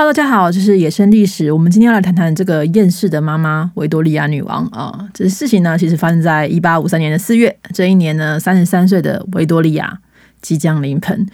哈嘍，大家好，這是野生歷史。我們今天要來談談這個厭世的媽媽維多利亞女王啊、呃。這事情呢，其實發生在一八五三年的四月。這一年呢，三十三歲的維多利亞即將臨盆。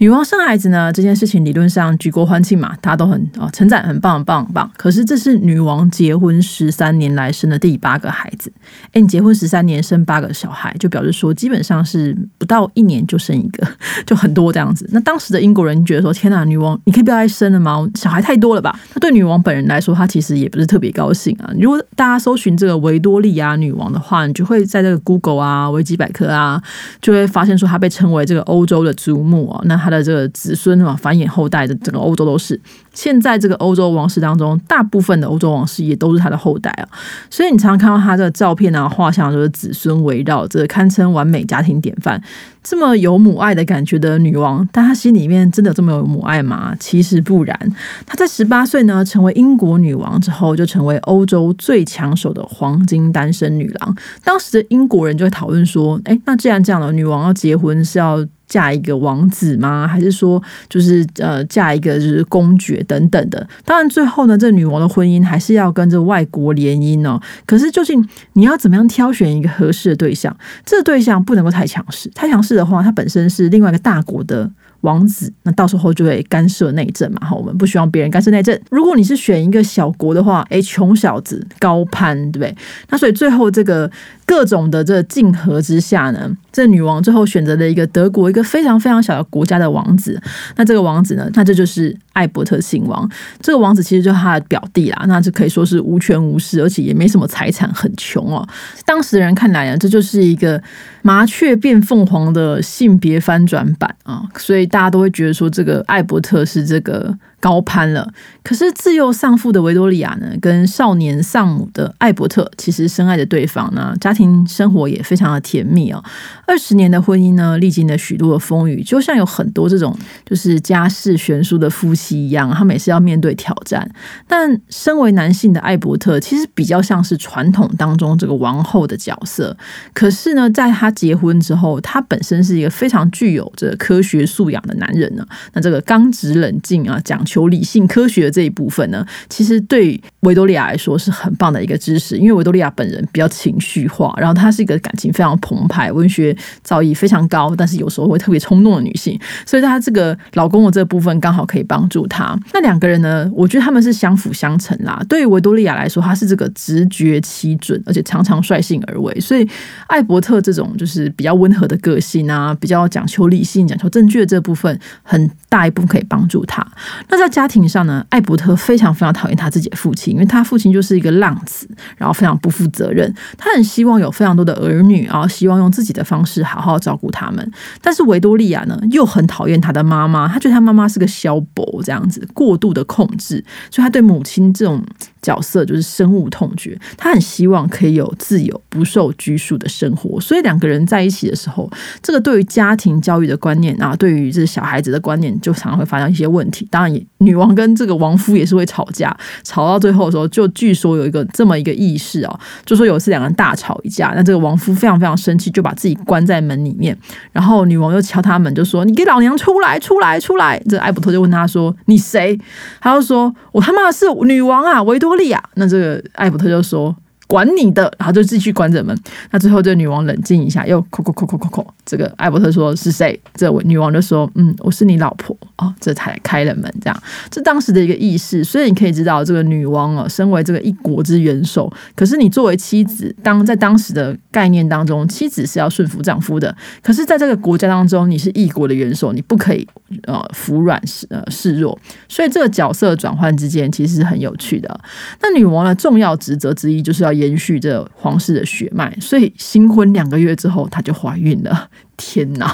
女王生孩子呢這件事情，理論上舉國歡慶嘛，大家都很哦，稱讚很棒、很棒、很棒。可是這是女王結婚十三年來生的第八個孩子。哎，你結婚十三年生八個小孩，就表示說基本上是不到一年就生一個，就很多這樣子。那當時的英國人覺得說：“天哪，女王，你可以不要再生了嗎？小孩太多了吧？”那對女王本人來說，她其實也不是特別高興啊。如果大家搜尋這個維多利亞女王的話，你就會在這個 Google 啊、維基百科啊，就會發現說她被稱為這個歐洲的祖母。那，他的這個子孫啊，繁衍後代的，整個歐洲都是。現在這個歐洲王室當中，大部分的歐洲王室也都是她的後代啊，所以你常常看到她的照片啊，畫像就是子孫圍繞，這個堪稱完美家庭典範。這麼有母愛的感覺的女王，但她心裡面真的這麼有母愛嗎？其實不然。她在十八歲呢成為英國女王之後，就成為歐洲最搶手的黃金單身女郎。當時的英國人就會討論說：“哎、欸，那既然這樣的女王要結婚，是要嫁一個王子嗎？還是說就是呃嫁一個就是公爵？”等等的，當然最後呢，這女王的婚姻還是要跟着外國聯姻哦。可是究竟你要怎麼樣挑選一個合適的對象？這個對象不能夠太強勢，太強勢的話，他本身是另外一個大國的王子，那到時候就會干涉內政嘛。哈，我們不希望別人干涉內政。如果你是選一個小國的話，哎，窮小子高攀，對不對？那所以最後這個。各種的這個競合之下呢，這女王最後選擇了一個德國一個非常非常小的國家的王子。那這個王子呢，那這就是愛伯特親王。這個王子其實就是他的表弟啦，那就可以說是無權無勢，而且也沒什麼財產，很窮哦。當時的人看來呢，這就是一個麻雀變鳳凰的性別翻轉版啊、哦，所以大家都會覺得說這個愛伯特是這個高攀了。可是自幼喪父的維多利亞呢，跟少年喪母的愛伯特其實深愛着對方呢，家。生活也非常的甜蜜哦。二十年的婚姻呢，歷經了許多的風雨，就像有很多這種就是家世懸殊的夫妻一樣，他們也是要面對挑戰。但身為男性的艾伯特，其實比較像是傳統當中這個王後的角色。可是呢，在他結婚之後，他本身是一個非常具有這科學素養的男人呢、啊。那這個剛直冷靜啊，講求理性科學的這一部分呢，其實對維多利亞來說是很棒的一個知識，因為維多利亞本人比較情緒化。然後她是一個感情非常澎湃、文學造詣非常高，但是有時候會特別衝動的女性。所以她這個老公的這部分剛好可以幫助她。那兩個人呢，我覺得他們是相輔相成啦。對於維多利亞來說，她是這個直覺奇準，而且常常率性而為。所以艾伯特這種就是比較溫和的個性啊，比較講求理性、講求證據的這部分，很大一部分可以幫助她。那在家庭上呢，艾伯特非常非常討厭他自己的父親，因為他父親就是一個浪子，然後非常不負責任。他很希望。有非常多的兒女啊，希望用自己的方式好好照顧他們。但是維多利亞呢，又很討厭她的媽媽，她覺得她媽媽是個小伯這樣子，過度的控制，所以她對母親這種。角色就是深惡痛絕，他很希望可以有自由、不受拘束的生活，所以兩個人在一起的時候，這個對於家庭教育的觀念，啊，對於這小孩子的觀念，就常常會發生一些問題。當然也，女王跟這個王夫也是會吵架，吵到最後的時候，就據說有一個這麼一個軼事哦，就說有一次兩個人大吵一架，那這個王夫非常非常生氣，就把自己關在門裡面，然後女王又敲他門，就說：“你給老娘出來，出來，出來！”這艾伯特就問他說：“你誰？”他就說：“我他媽的是女王啊，維多。”對呀，那這個艾伯特就說管你的，然後就繼續關着門。那最後這女王冷靜一下，又扣扣扣扣扣扣，這個艾伯特說是誰？這位女王就說嗯，我是你老婆啊，哦，這才開了門。這樣，這當時的一個意識，所以你可以知道這個女王哦，身為這個一國之元首，可是你作為妻子，當在當時的概念當中，妻子是要順服丈夫的。可是，在這個國家當中，你是一國的元首，你不可以。呃，服軟示呃示弱，所以這個角色轉換之間其實是很有趣的。那女王的重要職責之一就是要延續這皇室的血脈，所以新婚兩個月之後，她就懷孕了。天吶，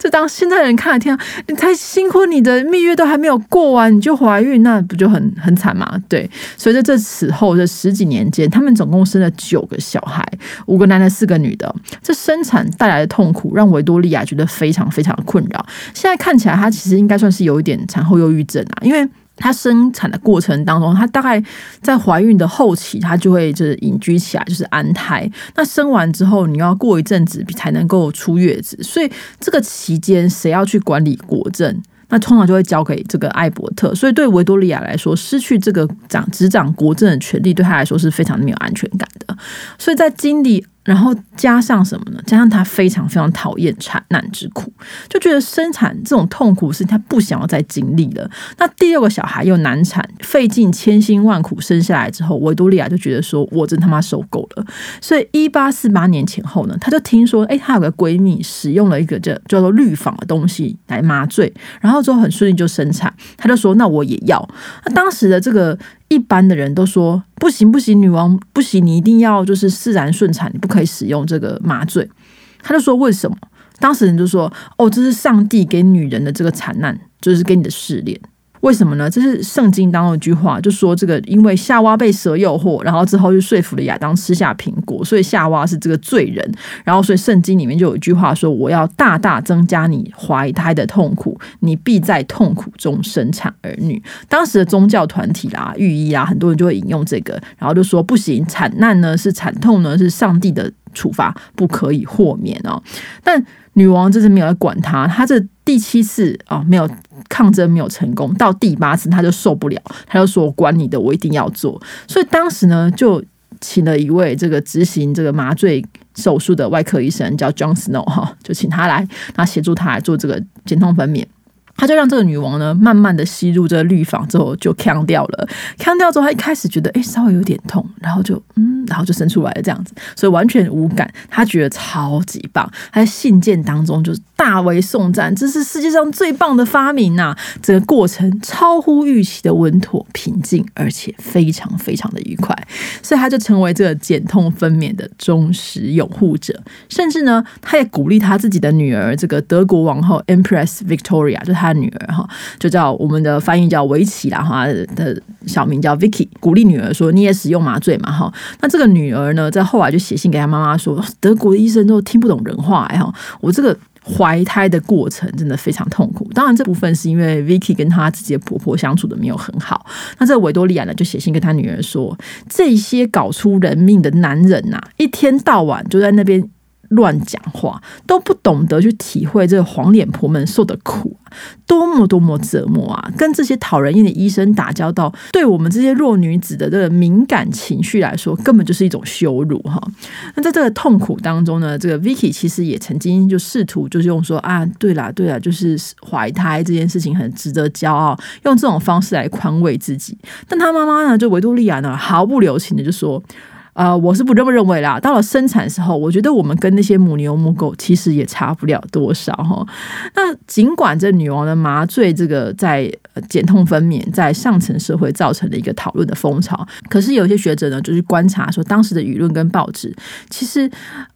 就當現在人看，天啊，你太辛苦，你的蜜月都還沒有過完，啊，你就懷孕，那不就很很慘嗎？對。隨着這此後這十幾年間，他們總共生了九個小孩，五個男的，四個女的。這生產帶來的痛苦，讓維多利亞覺得非常非常的困擾。現在看起來，她其實應該算是有一點產後憂鬱症啊，因為。她生產的過程當中，她大概在懷孕的後期，她就會就是隱居起來，就是安胎。那生完之後，你要過一陣子才能夠出月子，所以這個期間誰要去管理國政，那通常就會交給這個艾伯特。所以對維多利亞來說，失去這個掌執掌國政的權利，對她來說是非常沒有安全感的。所以在經歷。然後加上什麼呢？加上她非常非常討厭產難之苦，就覺得生產這種痛苦是她不想要再經歷了。那第六個小孩又難產，費盡千辛萬苦生下來之後，維多利亞就覺得說：“我真他媽受夠了。”所以一八四八年前後呢，她就聽說，哎，她有個閨蜜使用了一個叫叫做氯仿的東西來麻醉，然後之後很順利就生產。她就說：“那我也要。”那當時的這個一般的人都說：“不行不行，女王不行，你一定要就是自然順產，你不可。”可以使用這個麻醉，他就說，為什麼？當時人就說：“哦，這是上帝給女人的這個慘難，就是給你的試煉。為什麼呢？這是聖經當中的一句話，就說這個因為夏娃被蛇誘惑，然後之後就說服了亞當吃下蘋果。”所以夏娃是這個罪人，然後所以聖經裡面就有一句話說：“我要大大增加你懷胎的痛苦，你必在痛苦中生產兒女。”當時的宗教團體啦、御醫啊，很多人就會引用這個，然後就說：“不行，慘難呢是慘痛呢是上帝的處罰，不可以豁免哦。”但女王這次沒有來管他，他這第七次啊、哦、沒有抗爭，沒有成功，到第八次他就受不了，他就說：“我管你的，我一定要做。”所以當時呢就。請了一位這個執行這個麻醉手術的外科醫生，叫 John Snow 哈，就請他來，他協助他來做這個減痛分娩。他就讓這個女王呢，慢慢的吸入這個氯仿，之後就嗆掉了。嗆掉之後，她一開始覺得哎、欸，稍微有點痛，然後就嗯，然後就生出來了這樣子，所以完全無感，她覺得超級棒。她在信件當中就是大為頌讚，這是世界上最棒的發明吶、啊！整個過程超乎預期的穩妥、平靜，而且非常非常的愉快。所以她就成為這個減痛分娩的忠實擁護者，甚至呢，她也鼓勵她自己的女兒這個德國王后 Empress Victoria，就她。他女兒哈，就叫我們的翻譯叫維奇啦哈，他的小名叫 Vicky，鼓勵女兒說，你也使用麻醉嘛哈。那這個女兒呢，在後來就寫信給她媽媽說，德國的醫生都聽不懂人話哎，哈。我這個懷胎的過程真的非常痛苦，當然這部分是因為 Vicky 跟她自己的婆婆相處的沒有很好。那這維多利亞呢，就寫信跟她女兒說，這些搞出人命的男人吶、啊，一天到晚就在那邊。亂講話都不懂得去體會這個黃臉婆們受的苦，多麼多麼折磨啊！跟這些討人厭的醫生打交道，對我們這些弱女子的這個敏感情緒來說，根本就是一種羞辱哈！那在這個痛苦當中呢，這個 Vicky 其實也曾經就試圖就是用說啊，對啦，對啦，就是懷胎這件事情很值得驕傲，用這種方式來寬慰自己。但她媽媽呢，就維多利亞呢，毫不留情的就說。呃，我是不這麼認為啦。到了生產的時候，我覺得我們跟那些母牛母狗其實也差不了多少哈、哦。那儘管這女王的麻醉這個在減痛分娩在上層社會造成的一個討論的風潮，可是有些學者呢，就是觀察說當時的輿論跟報紙，其實，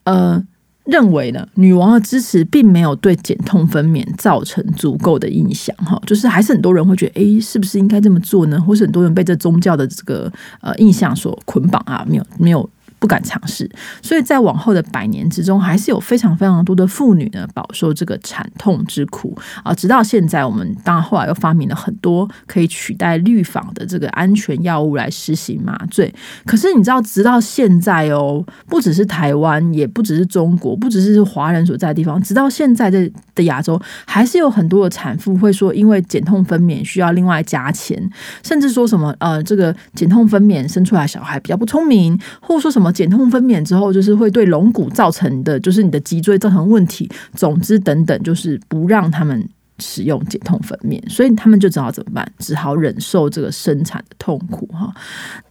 呃。認為呢，女王的支持並沒有對減痛分娩造成足夠的影響，哈，就是還是很多人會覺得，誒，是不是應該這麼做呢？或是很多人被這宗教的這個呃印象所捆綁啊，沒有，沒有。不敢嘗試，所以在往後的百年之中，還是有非常非常多的婦女呢，飽受這個產痛之苦啊、呃！直到現在，我們當然後來又發明了很多可以取代氯仿的這個安全藥物來實行麻醉。可是你知道，直到現在哦，不只是台灣，也不只是中國，不只是華人所在的地方，直到現在的的亞洲，還是有很多的產婦會說，因為減痛分娩需要另外加錢，甚至說什麼呃，這個減痛分娩生出來小孩比較不聰明，或說什麼。減痛分娩之後，就是會對龍骨造成的，就是你的脊椎造成問題。總之，等等，就是不讓他們使用減痛分娩，所以他們就只好怎麼辦？只好忍受這個生產的痛苦哈。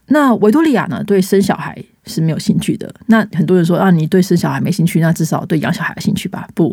那維多利亞呢？對生小孩是沒有興趣的。那很多人說啊，你對生小孩沒興趣，那至少對養小孩有興趣吧？不，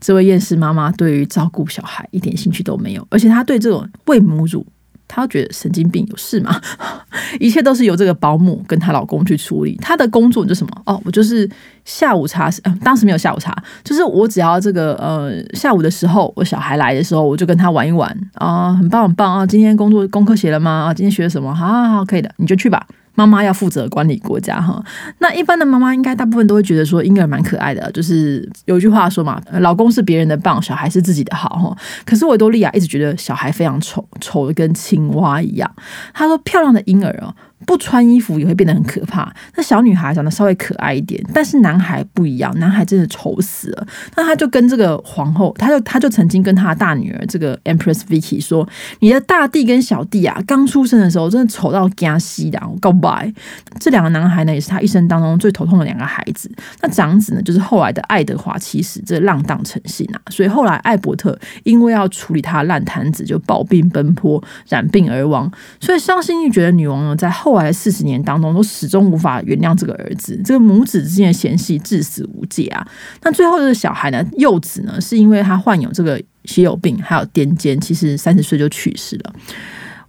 這位厭世媽媽對於照顧小孩一點興趣都沒有，而且她對這種餵母乳。她覺得神經病，有事嗎？ 一切都是由這個保姆跟她老公去處理。她的工作就是什麼？哦，我就是下午茶，呃，當時沒有下午茶，就是我只要這個呃下午的時候，我小孩來的時候，我就跟他玩一玩啊，呃，很棒很棒啊！今天工作功課寫了嗎？啊，今天學了什麼？好好，好，可以的，你就去吧。媽媽要負責管理國家哈。那一般的媽媽應該大部分都會覺得說嬰兒蠻可愛的，就是有一句話說嘛，老公是別人的棒，小孩是自己的好哈。可是維多利亞一直覺得小孩非常醜，醜的跟青蛙一樣。她說：“漂亮的嬰兒哦。”不穿衣服也會變得很可怕。那小女孩長得稍微可愛一點，但是男孩不一樣，男孩真的醜死了。那他就跟這個皇後，他就他就曾經跟他的大女兒這個 Empress Vicky 說：“你的大弟跟小弟啊，剛出生的時候真的醜到家西然後告白。這兩個男孩呢，也是他一生當中最頭痛的兩個孩子。那長子呢，就是後來的愛德華七世，這個、浪蕩成性啊。所以後來艾伯特因為要處理他的爛攤子，就抱病奔波，染病而亡。所以傷心欲絕的女王呢，在後。後來四十年當中，都始終無法原諒這個兒子，這個母子之間的嫌隙至死無解啊！那最後這個小孩呢，幼子呢，是因為他患有這個血友病，還有癲癇，其實三十歲就去世了。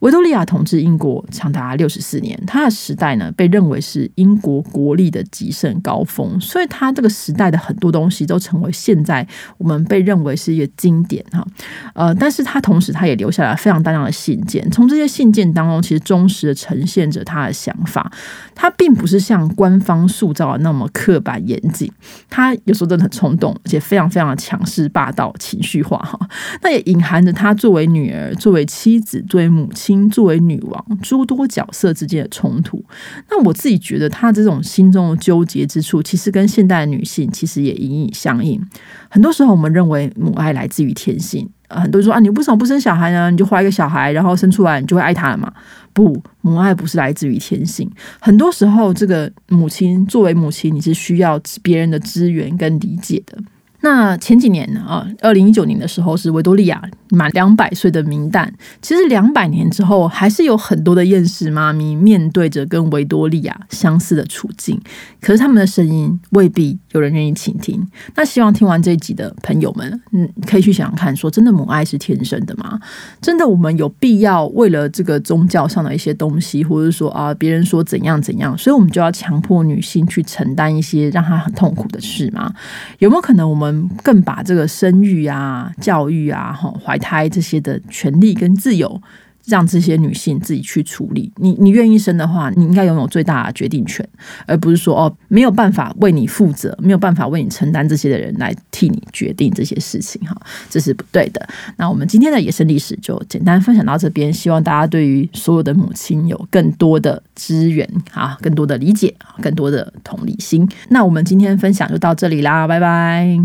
維多利亞統治英國長達六十四年，他的時代呢，被認為是英國國力的極盛高峰，所以他這個時代的很多東西都成為現在我們被認為是一個經典哈。呃，但是他同時他也留下了非常大量的信件，從這些信件當中，其實忠實的呈現着他的想法。他並不是像官方塑造的那麼刻板嚴謹，他有時候真的很衝動，而且非常非常的強勢霸道、情緒化哈。那也隱含着他作為女兒、作為妻子、作為母親，作為女王，諸多角色之間的衝突，那我自己覺得她這種心中的糾結之處，其實跟現代女性其實也隱隱相應。很多時候，我們認為母愛來自於天性，很多人說啊，你為什麼不生小孩呢？你就懷一個小孩，然後生出來你就會愛他了嘛？不，母愛不是來自於天性。很多時候，這個母親作為母親，你是需要別人的支援跟理解的。那前幾年呢？啊，二零一九年的時候是維多利亞滿兩百歲的冥誕。其實兩百年之後，還是有很多的厭世媽咪面對着跟維多利亞相似的處境，可是他們的聲音未必。有人願意傾聽。那希望聽完這一集的朋友們，嗯，可以去想想看：說真的，母愛是天生的嗎？真的，我們有必要為了這個宗教上的一些東西，或者說啊，別人說怎樣怎樣，所以我們就要強迫女性去承擔一些讓她很痛苦的事嗎？有沒有可能，我們更把這個生育啊、教育啊、吼懷胎這些的權利跟自由？讓這些女性自己去處理。你你願意生的話，你應該擁有最大的決定權，而不是說哦沒有辦法為你負責，沒有辦法為你承擔這些的人來替你決定這些事情哈，這是不對的。那我們今天的野生歷史就簡單分享到這邊，希望大家對於所有的母親有更多的支援啊，更多的理解，更多的同理心。那我們今天分享就到這裡啦，拜拜。